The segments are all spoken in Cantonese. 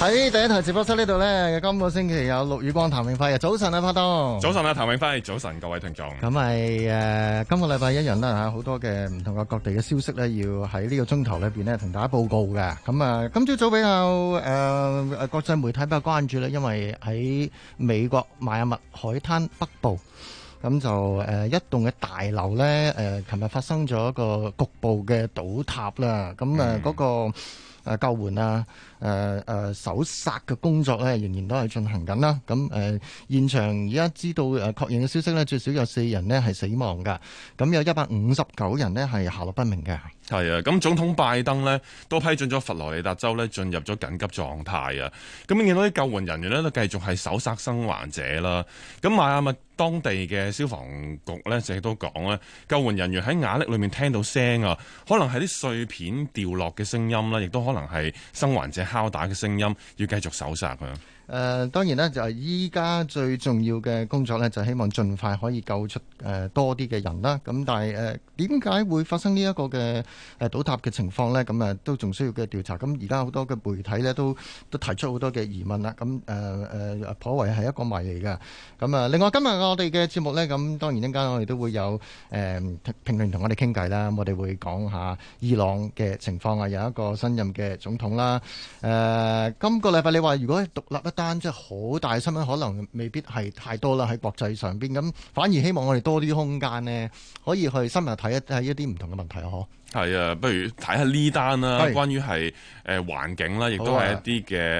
喺第一台直播室呢度咧，今個星期有陸宇光、譚永輝。早晨啊，拍檔！早晨啊，譚永輝！早晨，各位聽眾。咁係誒，今個禮拜一日啦吓，好多嘅唔同嘅各地嘅消息咧，要喺呢個鐘頭裏邊咧同大家報告嘅。咁啊，今朝早比較誒誒、呃，國際媒體比較關注咧，因為喺美國邁阿密海灘北部，咁就誒、呃、一棟嘅大樓咧誒，琴、呃、日發生咗一個局部嘅倒塌啦。咁啊，嗰、呃嗯那個誒、呃、救援啊。誒誒搜救嘅工作咧，仍然都係進行緊啦。咁、嗯、誒、呃、現場而家知道誒確認嘅消息咧，最少有四人咧係死亡㗎。咁、嗯、有一百五十九人咧係下落不明嘅。係啊，咁總統拜登咧都批准咗佛羅里達州咧進入咗緊急狀態啊。咁見到啲救援人員咧都繼續係搜救生還者啦。咁邁阿密當地嘅消防局呢，咧亦都講咧，救援人員喺瓦礫裏面聽到聲啊，可能係啲碎片掉落嘅聲音啦，亦都可能係生還者。敲打嘅聲音，要繼續搜殺佢。誒、呃、當然啦，就係依家最重要嘅工作呢，就係、希望盡快可以救出誒、呃、多啲嘅人啦。咁但係誒點解會發生呢一個嘅誒、呃、倒塌嘅情況呢？咁啊都仲需要嘅調查。咁而家好多嘅媒體呢，都都提出好多嘅疑問啦。咁誒誒，頗為係一個謎嚟㗎。咁啊，另外今日我哋嘅節目呢，咁當然一陣我哋都會有誒評論同我哋傾偈啦。我哋會講下伊朗嘅情況啊，有一個新任嘅總統啦。誒、呃、今個禮拜你話如果獨立咧？單即係好大新聞，可能未必係太多啦。喺國際上邊咁，反而希望我哋多啲空間呢，可以去深入睇一睇一啲唔同嘅問題啊！嗬。係啊，不如睇下呢單啦，是關於係誒、呃、環境啦，亦都係一啲嘅、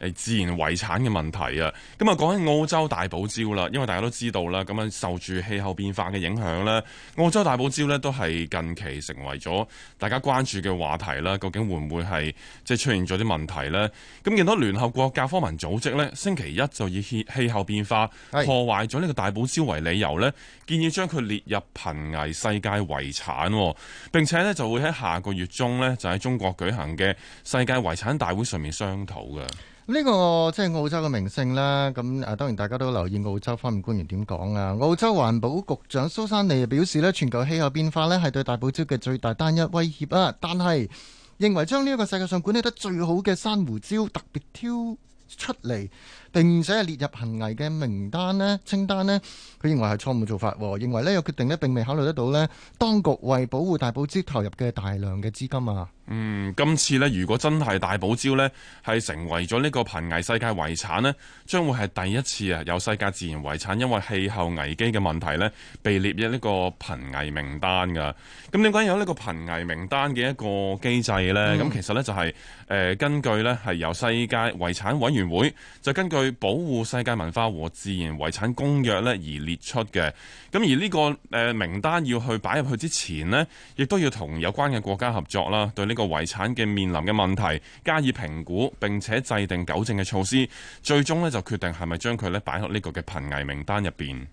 呃、自然遺產嘅問題啊。咁啊講起澳洲大寶礁啦，因為大家都知道啦，咁啊受住氣候變化嘅影響啦，澳洲大寶礁呢都係近期成為咗大家關注嘅話題啦。究竟會唔會係即係出現咗啲問題呢？咁見到聯合國教科文組織呢，星期一就以氣候變化破壞咗呢個大寶礁為理由呢，的建議將佢列入瀕危世界遺產。並且咧就會喺下個月中咧就喺中國舉行嘅世界遺產大會上面商討嘅。呢個即係澳洲嘅名聲啦。咁啊當然大家都留意澳洲方面官員點講啊。澳洲環保局長蘇珊妮表示咧，全球氣候變化咧係對大堡礁嘅最大單一威脅啦。但係認為將呢一個世界上管理得最好嘅珊瑚礁特別挑出嚟。並且係列入瀕危嘅名單呢，清單呢，佢認為係錯誤做法，認為呢個決定呢並未考慮得到呢，當局為保護大堡礁投入嘅大量嘅資金啊。嗯，今次呢，如果真係大堡礁呢，係成為咗呢個瀕危世界遺產呢，將會係第一次啊有世界自然遺產因為氣候危機嘅問題呢，被列入呢個瀕危名單㗎。咁點解有呢個瀕危名單嘅一個機制呢？咁、嗯、其實呢、就係，就係誒根據呢，係由世界遺產委員會就根據。去保護世界文化和自然遺產公約咧，而列出嘅，咁而呢個誒名單要去擺入去之前呢，亦都要同有關嘅國家合作啦，對呢個遺產嘅面臨嘅問題加以評估，並且制定糾正嘅措施，最終呢，就決定係咪將佢呢擺落呢個嘅瀕危名單入邊。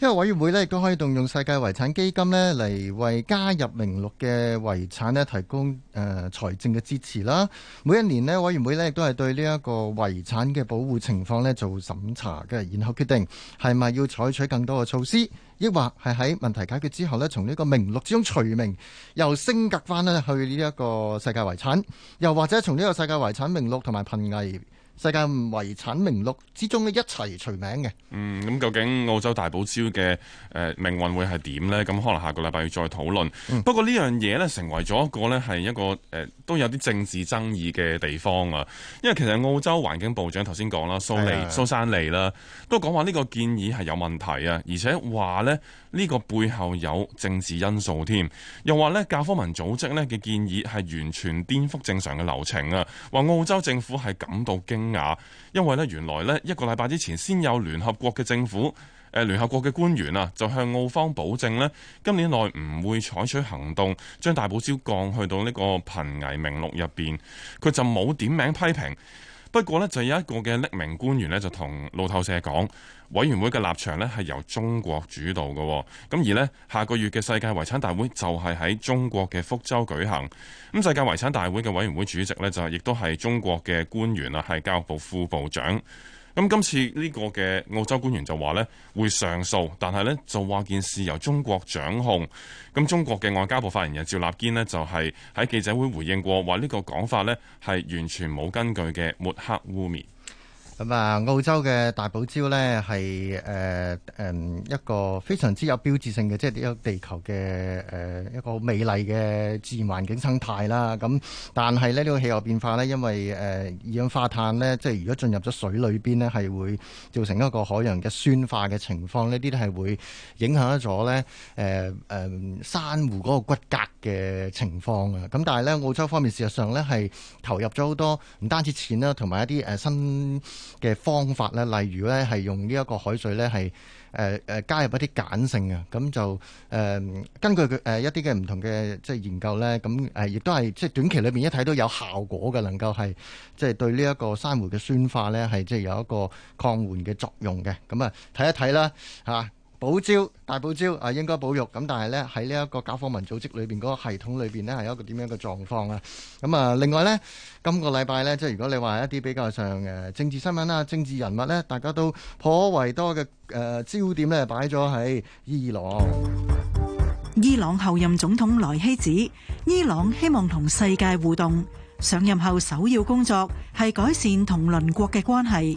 因為委員會呢亦都可以動用世界遺產基金呢嚟為加入名錄嘅遺產呢提供誒財政嘅支持啦。每一年呢委員會呢亦都係對呢一個遺產嘅保護情況呢做審查嘅，然後決定係咪要採取更多嘅措施，亦或係喺問題解決之後呢從呢個名錄之中除名，由升格翻呢去呢一個世界遺產，又或者從呢個世界遺產名錄同埋瀕危世界不遺產名錄之中呢一齊除名嘅。嗯，咁究竟澳洲大堡礁嘅誒、呃、命運會係點呢？咁可能下個禮拜要再討論。嗯、不過呢樣嘢呢，成為咗一個呢係一個誒、呃、都有啲政治爭議嘅地方啊。因為其實澳洲環境部長頭先講啦，蘇尼、哎、呀蘇珊妮啦，都講話呢個建議係有問題啊，而且話呢呢個背後有政治因素添。又話呢教科文組織呢嘅建議係完全顛覆正常嘅流程啊，話澳洲政府係感到驚。因為咧，原來咧一個禮拜之前，先有聯合國嘅政府，誒、呃、聯合國嘅官員啊，就向澳方保證咧，今年內唔會採取行動將大堡礁降去到呢個瀕危名錄入邊，佢就冇點名批評。不過呢，就有一個嘅匿名官員呢，就同路透社講，委員會嘅立場呢係由中國主導嘅。咁而呢，下個月嘅世界遺產大會就係喺中國嘅福州舉行。咁世界遺產大會嘅委員會主席呢，就亦都係中國嘅官員啊，係教育部副部長。咁今次呢個嘅澳洲官員就話呢會上訴，但係呢就話件事由中國掌控。咁中國嘅外交部發言人趙立堅呢就係喺記者會回應過，話呢個講法呢係完全冇根據嘅，抹黑污蔑。咁啊，澳洲嘅大堡礁咧，係誒誒一個非常之有標誌性嘅，即係呢個地球嘅誒一個美麗嘅自然環境生態啦。咁但係咧，呢個氣候變化咧，因為誒二氧化碳咧，即係如果進入咗水裏邊咧，係會造成一個海洋嘅酸化嘅情況，呢啲咧係會影響咗咧誒誒珊瑚嗰個骨骼。嘅情況啊，咁但係呢，澳洲方面事實上呢，係投入咗好多唔單止錢啦，同埋一啲誒新嘅方法呢，例如呢，係用呢一個海水呢，係誒誒加入一啲鹼性啊，咁就誒、呃、根據佢誒一啲嘅唔同嘅即係研究呢，咁誒亦都係即係短期裏邊一睇都有效果嘅，能夠係即係對呢一個珊瑚嘅酸化呢，係即係有一個抗緩嘅作用嘅，咁啊睇一睇啦嚇。堡礁大堡礁啊，應該保育咁，但係呢，喺呢一個教科文組織裏邊嗰個系統裏邊呢係一個點樣嘅狀況啊？咁啊，另外呢，今個禮拜呢，即係如果你話一啲比較上誒政治新聞啊、政治人物呢，大家都頗為多嘅誒、呃、焦點呢，擺咗喺伊朗。伊朗後任總統萊希指，伊朗希望同世界互動，上任後首要工作係改善同鄰國嘅關係。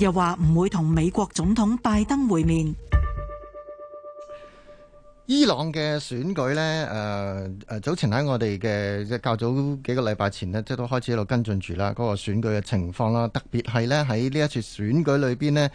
又話唔會同美國總統拜登會面。伊朗嘅選舉呢誒誒、呃，早前喺我哋嘅即係較早幾個禮拜前呢，即係都開始喺度跟進住啦，嗰個選舉嘅情況啦，特別係呢喺呢一次選舉裏邊呢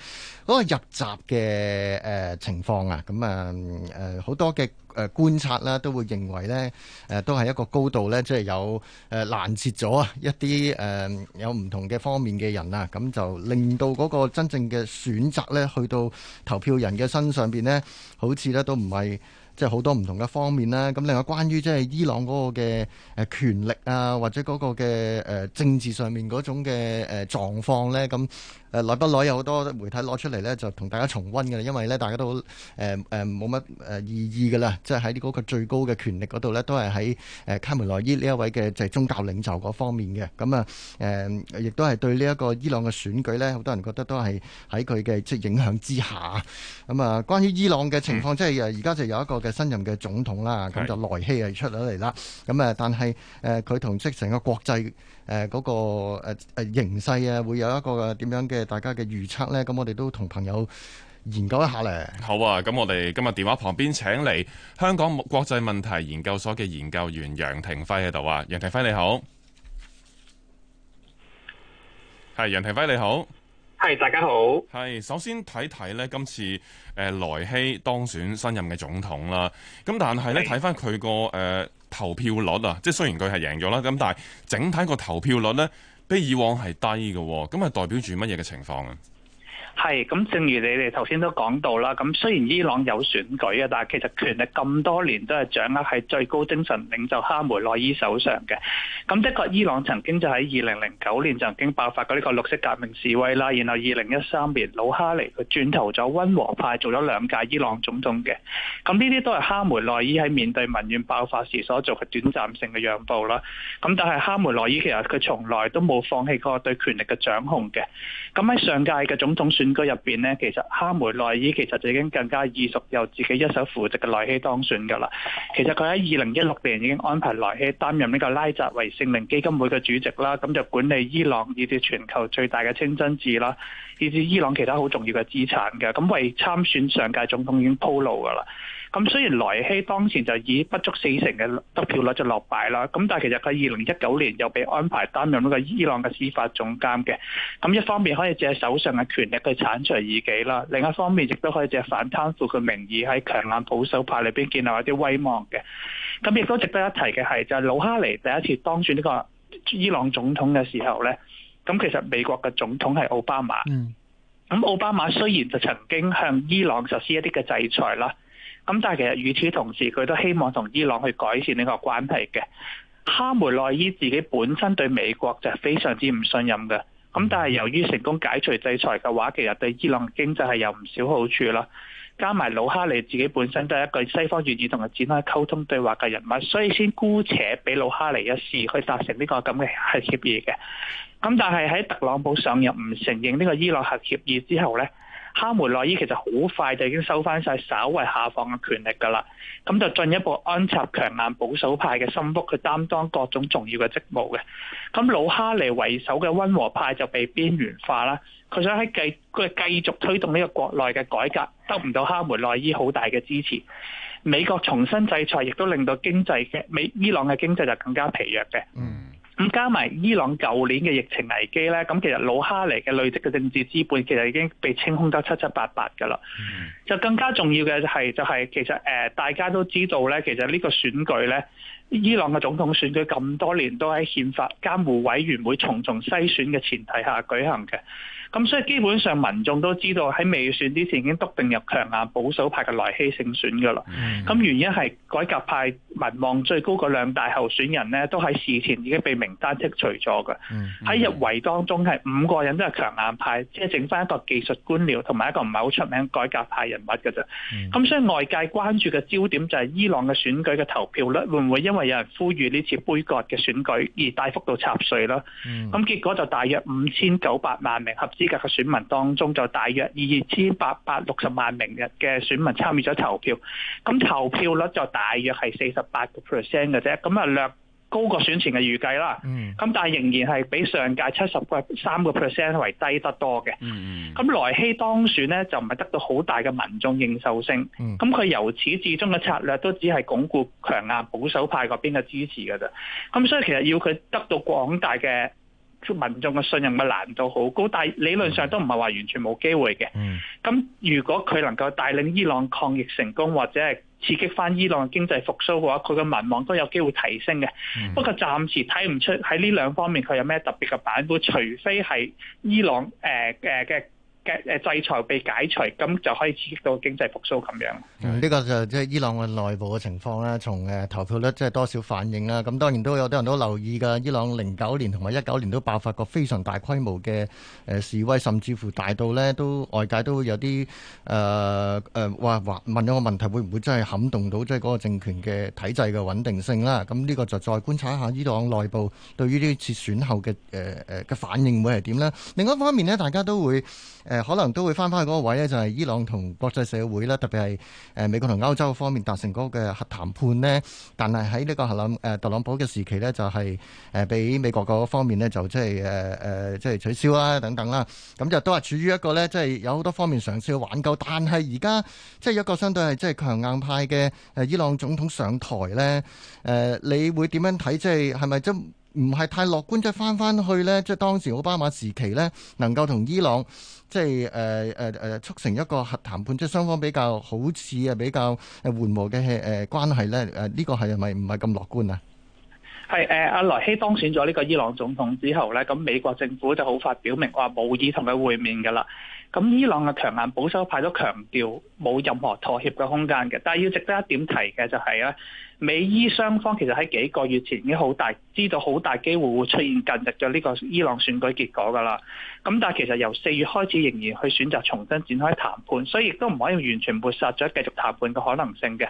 嗰、嗰個入閘嘅誒情況啊，咁啊誒好多嘅。誒、呃、觀察啦，都會認為咧，誒、呃、都係一個高度咧，即係有誒攔截咗啊一啲誒、呃、有唔同嘅方面嘅人啊，咁就令到嗰個真正嘅選擇咧，去到投票人嘅身上邊咧，好似咧都唔係即係好多唔同嘅方面啦、啊。咁另外關於即係伊朗嗰個嘅誒權力啊，或者嗰個嘅誒、呃、政治上面嗰種嘅誒、呃、狀況咧，咁。誒，來不來有好多媒體攞出嚟呢，就同大家重溫嘅，因為呢，大家都好誒冇乜誒異議嘅啦，即係喺呢個最高嘅權力嗰度呢，都係喺誒卡梅內伊呢一位嘅就係宗教領袖嗰方面嘅。咁啊誒，亦都係對呢一個伊朗嘅選舉呢，好多人覺得都係喺佢嘅即係影響之下。咁啊，關於伊朗嘅情況，嗯、即係而家就有一個嘅新任嘅總統啦，咁就萊希係出咗嚟啦。咁啊是，但係誒佢同即成個國際。誒嗰、呃嗰個誒、呃、形勢啊，會有一個點樣嘅大家嘅預測呢？咁我哋都同朋友研究一下咧。好啊！咁我哋今日電話旁邊請嚟香港國際問題研究所嘅研究員楊庭輝喺度啊。楊庭輝你好，係楊庭輝你好。係，大家好。係，首先睇睇咧今次誒、呃、萊希當選新任嘅總統啦。咁但係咧睇返佢個誒投票率啊，即係雖然佢係贏咗啦，咁但係整體個投票率咧比以往係低嘅，咁係代表住乜嘢嘅情況啊？係，咁正如你哋頭先都講到啦，咁雖然伊朗有選舉呀，但係其實權力咁多年都係掌握喺最高精神領袖哈梅內伊手上嘅。咁的確，伊朗曾經就喺二零零九年曾經爆發過呢個綠色革命示威啦，然後二零一三年魯哈尼佢轉投咗溫和派，做咗兩屆伊朗總統嘅。咁呢啲都係哈梅內伊喺面對民怨爆發時所做嘅短暫性嘅讓步啦。咁但係哈梅內伊其實佢從來都冇放棄過對權力嘅掌控嘅。咁喺上屆嘅總統選選舉入邊呢，其實哈梅內伊其實就已經更加易熟，由自己一手扶植嘅萊希當選噶啦。其實佢喺二零一六年已經安排萊希擔任呢個拉扎維聖靈基金會嘅主席啦，咁就管理伊朗以至全球最大嘅清真寺啦，以至伊朗其他好重要嘅資產嘅，咁為參選上屆總統已經鋪路噶啦。咁雖然萊希當前就以不足四成嘅得票率就落敗啦，咁但係其實佢二零一九年又被安排擔任呢個伊朗嘅司法總監嘅。咁一方面可以借手上嘅權力去剷除異己啦，另一方面亦都可以借反貪腐嘅名義喺強硬保守派裏邊建立一啲威望嘅。咁亦都值得一提嘅係，就係魯哈尼第一次當選呢個伊朗總統嘅時候咧，咁其實美國嘅總統係奧巴馬。嗯。咁奧巴馬雖然就曾經向伊朗實施一啲嘅制裁啦。咁但係其實與此同時，佢都希望同伊朗去改善呢個關係嘅。哈梅內伊自己本身對美國就係非常之唔信任嘅。咁但係由於成功解除制裁嘅話，其實對伊朗經濟係有唔少好處啦。加埋魯哈尼自己本身都係一個西方願意同佢展開溝通對話嘅人物，所以先姑且俾魯哈尼一試去達成呢個咁嘅核協議嘅。咁但係喺特朗普上任唔承認呢個伊朗核協議之後咧。哈梅內伊其實好快就已經收翻晒稍為下放嘅權力㗎啦，咁就進一步安插強硬保守派嘅心腹去擔當各種重要嘅職務嘅，咁魯哈尼為首嘅溫和派就被邊緣化啦，佢想喺繼佢繼續推動呢個國內嘅改革，得唔到哈梅內伊好大嘅支持，美國重新制裁亦都令到經濟嘅美伊朗嘅經濟就更加疲弱嘅。嗯。咁加埋伊朗舊年嘅疫情危機咧，咁其實魯哈尼嘅累積嘅政治資本其實已經被清空得七七八八㗎喇。就更加重要嘅就係就係其實、呃、大家都知道咧，其實呢個選舉咧，伊朗嘅總統選舉咁多年都喺憲法監護委員會重重篩選嘅前提下舉行嘅。咁所以基本上民眾都知道喺未選之前已經篤定入強硬保守派嘅萊希勝選噶啦。咁原因係改革派民望最高嘅兩大候選人咧，都喺事前已經被名單剔除咗嘅。喺入圍當中係五個人都係強硬派，即係剩翻一個技術官僚同埋一個唔係好出名改革派人物嘅啫。咁所以外界關注嘅焦點就係伊朗嘅選舉嘅投票率會唔會因為有人呼籲呢次杯葛嘅選舉而大幅度插水啦？咁結果就大約五千九百萬名合資格嘅選民當中，就大約二千八百六十萬名嘅選民參與咗投票，咁投票率就大約係四十八個 percent 嘅啫，咁啊略高過選前嘅預計啦。咁、嗯、但係仍然係比上屆七十三個 percent 為低得多嘅。咁萊希當選咧，就唔係得到好大嘅民眾認受性。咁佢由始至終嘅策略都只係鞏固強硬保守派嗰邊嘅支持嘅啫。咁所以其實要佢得到廣大嘅。民眾嘅信任嘅難度好高，但係理論上都唔係話完全冇機會嘅。咁如果佢能夠帶領伊朗抗疫成功，或者係刺激翻伊朗經濟復甦嘅話，佢嘅民望都有機會提升嘅。不過暫時睇唔出喺呢兩方面佢有咩特別嘅版本，除非係伊朗誒誒嘅。呃誒制裁被解除，咁就可以刺激到經濟復甦咁樣。呢、嗯呢個就即係伊朗嘅內部嘅情況啦，從誒投票率即係多少反映啦。咁當然都有啲人都留意㗎。伊朗零九年同埋一九年都爆發過非常大規模嘅誒示威，甚至乎大到呢都外界都有啲誒誒話話問咗個問題，會唔會真係撼動到即係嗰個政權嘅體制嘅穩定性啦？咁呢個就再觀察一下伊朗內部對於呢次選後嘅誒誒嘅反應會係點啦。另外一方面呢，大家都會誒。呃誒可能都會翻返去嗰個位呢，就係伊朗同國際社會啦，特別係誒美國同歐洲方面達成嗰個嘅核談判呢，但係喺呢個核諗誒特朗普嘅時期呢、就是，就係誒俾美國嗰方面呢，就即係誒誒即係取消啦等等啦。咁就都係處於一個呢，即係有好多方面嘗試去挽救。但係而家即係一個相對係即係強硬派嘅誒伊朗總統上台呢，誒，你會點樣睇？即係係咪即？唔係太樂觀，即係翻翻去咧，即係當時奧巴馬時期咧，能夠同伊朗即係誒誒誒促成一個核談判，即係雙方比較好似啊比較誒緩和嘅誒關係咧，誒、這、呢個係咪唔係咁樂觀啊？係誒，阿、呃、萊希當選咗呢個伊朗總統之後咧，咁美國政府就好發表明話冇意同佢會面㗎喇。咁伊朗嘅強硬保守派都強調冇任何妥協嘅空間嘅，但係要值得一點提嘅就係咧。美伊雙方其實喺幾個月前已經好大知道好大機會會出現近日嘅呢個伊朗選舉結果㗎啦，咁但係其實由四月開始仍然去選擇重新展開談判，所以亦都唔可以完全抹殺咗繼續談判嘅可能性嘅。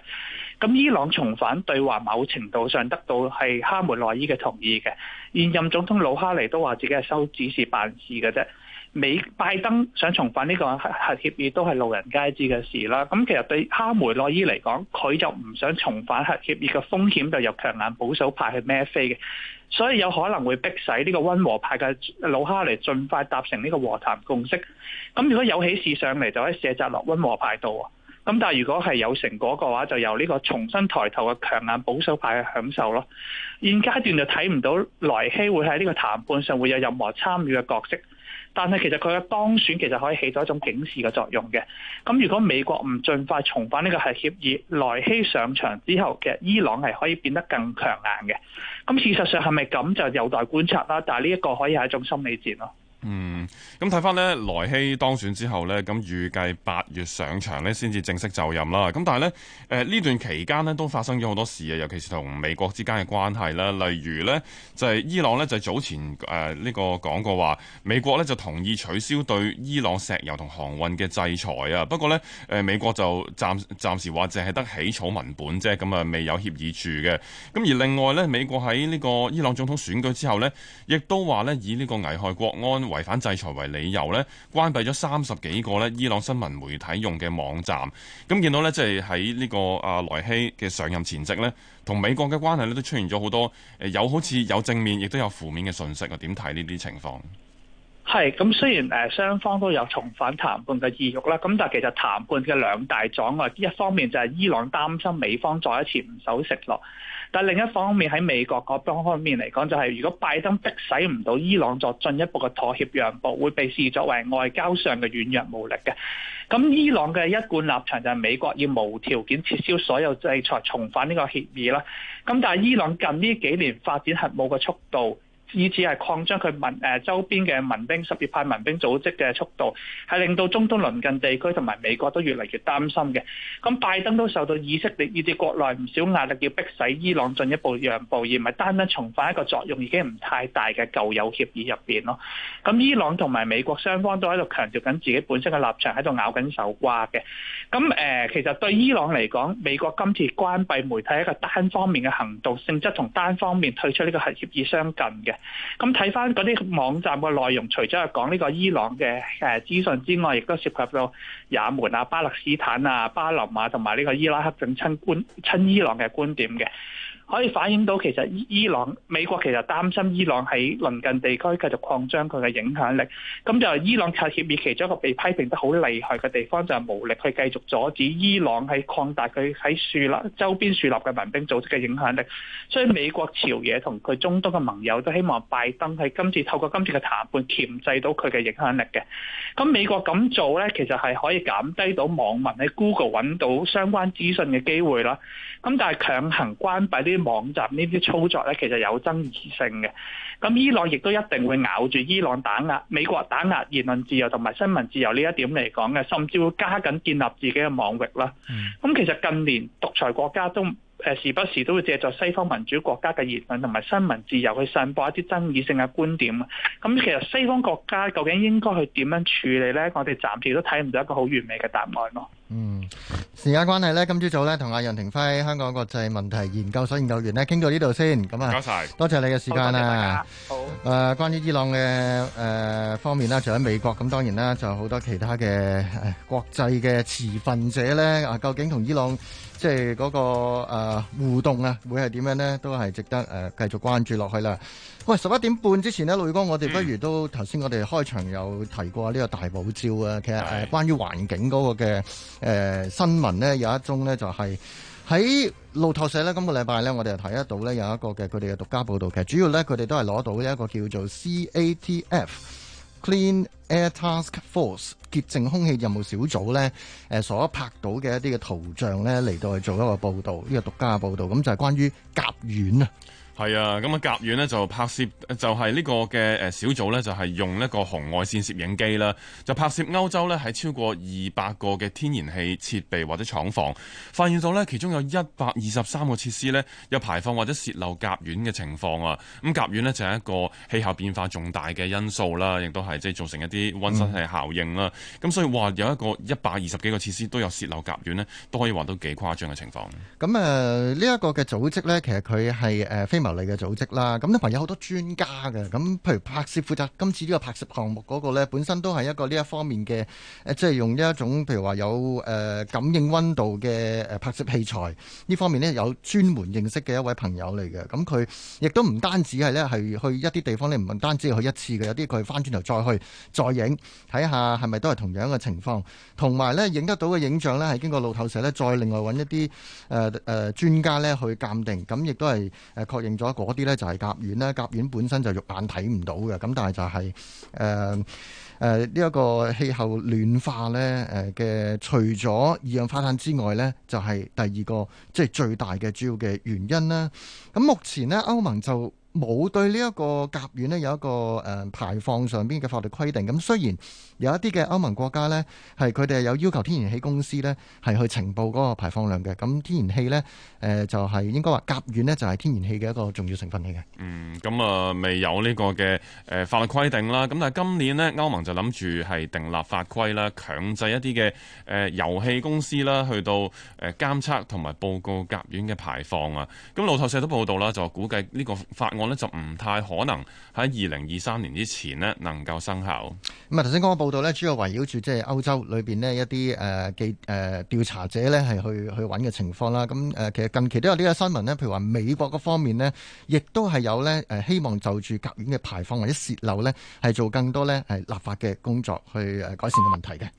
咁伊朗重返對話某程度上得到係哈梅內伊嘅同意嘅，現任總統魯哈尼都話自己係收指示辦事嘅啫。美拜登想重返呢個核協議都係路人皆知嘅事啦。咁其實對哈梅內伊嚟講，佢就唔想重返核協議嘅風險就由強硬保守派去孭飛嘅，所以有可能會逼使呢個溫和派嘅老哈尼盡快達成呢個和談共識。咁如果有起事上嚟，就喺卸責落溫和派度啊。咁但係如果係有成果嘅話，就由呢個重新抬頭嘅強硬保守派去享受咯。現階段就睇唔到萊希會喺呢個談判上會有任何參與嘅角色。但係其實佢嘅當選其實可以起到一種警示嘅作用嘅。咁如果美國唔盡快重返呢個核協議，萊希上場之後嘅伊朗係可以變得更強硬嘅。咁事實上係咪咁就有待觀察啦。但係呢一個可以係一種心理戰咯。嗯，咁睇翻呢，萊希當選之後呢，咁預計八月上場呢，先至正式就任啦。咁但係呢，呢段期間呢，都發生咗好多事啊，尤其是同美國之間嘅關係啦。例如呢，就係伊朗呢，就早前誒呢個講過話，美國呢就同意取消對伊朗石油同航運嘅制裁啊。不過呢，誒美國就暫暫時話淨係得起草文本啫，咁啊未有協議住嘅。咁而另外呢，美國喺呢個伊朗總統選舉之後呢，亦都話呢，以呢個危害國安為違反制裁為理由咧，關閉咗三十幾個咧伊朗新聞媒體用嘅網站。咁見到咧，即係喺呢個阿萊希嘅上任前夕咧，同美國嘅關係咧都出現咗好多誒，有好似有正面，亦都有負面嘅信息啊。點睇呢啲情況？係咁，雖然誒雙方都有重返談判嘅意欲啦，咁但係其實談判嘅兩大阻礙，一方面就係伊朗擔心美方再一次唔守承諾。但另一方面喺美國嗰方面嚟講，就係如果拜登逼使唔到伊朗作進一步嘅妥協讓步，會被視作為外交上嘅軟弱無力嘅。咁伊朗嘅一貫立場就係美國要無條件撤銷所有制裁，重返呢個協議啦。咁但係伊朗近呢幾年發展核武嘅速度，以至係擴張佢民誒周邊嘅民兵、什葉派民兵組織嘅速度，係令到中東鄰近地區同埋美國都越嚟越擔心嘅。咁拜登都受到以色列以至國內唔少壓力，要逼使伊朗進一步讓步，而唔係單單重返一個作用已經唔太大嘅舊有協議入面咯。咁誒，伊朗同埋美國雙方都喺度強調緊自己本身嘅立場，喺度咬緊手瓜嘅。咁誒，其實對伊朗嚟講，美國今次關閉媒體一個單方面嘅行動，性質同單方面退出呢個核協議相近嘅。咁睇翻嗰啲網站嘅內容，除咗係講呢個伊朗嘅誒資訊之外，亦都涉及到也門啊、巴勒斯坦啊、巴林啊，同埋呢個伊拉克等親觀、親伊朗嘅觀點嘅。可以反映到其實伊朗美國其實擔心伊朗喺鄰近地區繼續擴張佢嘅影響力，咁就係伊朗核協議，而其中一個被批評得好厲害嘅地方就係、是、無力去繼續阻止伊朗喺擴大佢喺樹立周邊樹立嘅民兵組織嘅影響力。所以美國朝野同佢中東嘅盟友都希望拜登喺今次透過今次嘅談判，鉗制到佢嘅影響力嘅。咁美國咁做咧，其實係可以減低到網民喺 Google 揾到相關資訊嘅機會啦。咁但係強行關閉啲。啲網站呢啲操作咧，其實有爭議性嘅。咁伊朗亦都一定會咬住伊朗打壓美國打壓言論自由同埋新聞自由呢一點嚟講嘅，甚至會加緊建立自己嘅網域啦。咁其實近年獨裁國家都誒時不時都會借助西方民主國家嘅言論同埋新聞自由去散播一啲爭議性嘅觀點。咁其實西方國家究竟應該去點樣處理咧？我哋暫時都睇唔到一個好完美嘅答案咯。嗯，時間關係呢，今朝早呢，同阿楊庭輝香港國際問題研究所研究員呢，傾到呢度先，咁啊，謝謝多謝你嘅時間啊，謝謝，好，誒、呃，關於伊朗嘅誒、呃、方面啦，除咗美國，咁當然啦，仲有好多其他嘅國際嘅持份者呢，啊，究竟同伊朗，即係嗰、那個、呃、互動啊，會係點樣咧？都係值得誒繼、呃、續關注落去啦。喂，十一點半之前呢路、嗯、哥，我哋不如都頭先我哋開場有提過呢個大堡礁啊。其實係對關於環境嗰、那個嘅、呃、新聞咧，有一宗咧就係、是、喺路透社咧，今、那個禮拜咧，我哋就睇得到咧有一個嘅佢哋嘅獨家報導嘅，其實主要咧佢哋都係攞到一個叫做 CATF。Clean Air Task Force 潔淨空氣任務小組）咧，誒所拍到嘅一啲嘅圖像咧，嚟到去做一個報道，呢個獨家嘅報道，咁就係關於甲烷啊。係啊，咁啊甲烷呢就拍攝，就係、誒、呢個嘅小組呢，就係用一個紅外線攝影機啦，就拍攝歐洲呢，喺超過二百個嘅天然氣設備或者廠房，發現到呢，其中有一百二十三個設施呢，有排放或者洩漏甲烷嘅情況啊。咁甲烷呢，就係一個氣候變化重大嘅因素啦，亦都係即係造成一啲溫室氣效應啦。咁、嗯、所以話有一個一百二十幾個設施都有洩漏甲烷呢，都可以話到幾誇張嘅情況。咁誒呢一個嘅組織呢，其實佢係誒嚟嘅組織啦，咁呢排有好多專家嘅，咁譬如拍攝負責今次呢個拍攝項目嗰個咧，本身都係一個呢一方面嘅，誒即係用一種譬如話有誒、呃、感應溫度嘅誒拍攝器材呢方面呢，有專門認識嘅一位朋友嚟嘅，咁佢亦都唔單止係呢，係去一啲地方咧，唔單止去一次嘅，有啲佢翻轉頭再去再影睇下係咪都係同樣嘅情況，同埋呢，影得到嘅影像呢，係經過路透社呢，再另外揾一啲誒誒專家呢去鑑定，咁亦都係誒確認咗嗰啲咧就係甲烷啦，甲烷本身就肉眼睇唔到嘅，咁但係就係呃、呃、呢一個氣候暖化咧嘅、呃，除咗二氧化碳之外咧，就係、是、第二個即係、就是、最大嘅主要嘅原因啦。咁目前呢，歐盟就冇對呢一個甲烷咧有一個誒排放上邊嘅法律規定。咁雖然有一啲嘅歐盟國家咧，係佢哋有要求天然氣公司咧係去呈報嗰個排放量嘅。咁天然氣呢誒就係應該話甲烷呢就係天然氣嘅一個重要成分嚟嘅。嗯。嗯，咁、嗯、啊未有呢個嘅誒法律規定啦。咁但係今年呢，歐盟就諗住係訂立法規啦，強制一啲嘅誒油氣公司啦去到誒監測同埋報告甲烷嘅排放啊。咁路透社都報道啦，就估計呢個法案，就唔太可能喺二零二三年之前呢，能夠生效。咁啊，頭先嗰個報導呢，主要圍繞住即係歐洲裏邊呢一啲誒嘅誒調查者呢，係去去揾嘅情況啦。咁、啊、誒其實近期都有呢個新聞呢，譬如話美國嗰方面呢，亦都係有呢，誒希望就住甲烷嘅排放或者洩漏呢，係做更多呢誒立法嘅工作去誒改善個問題嘅。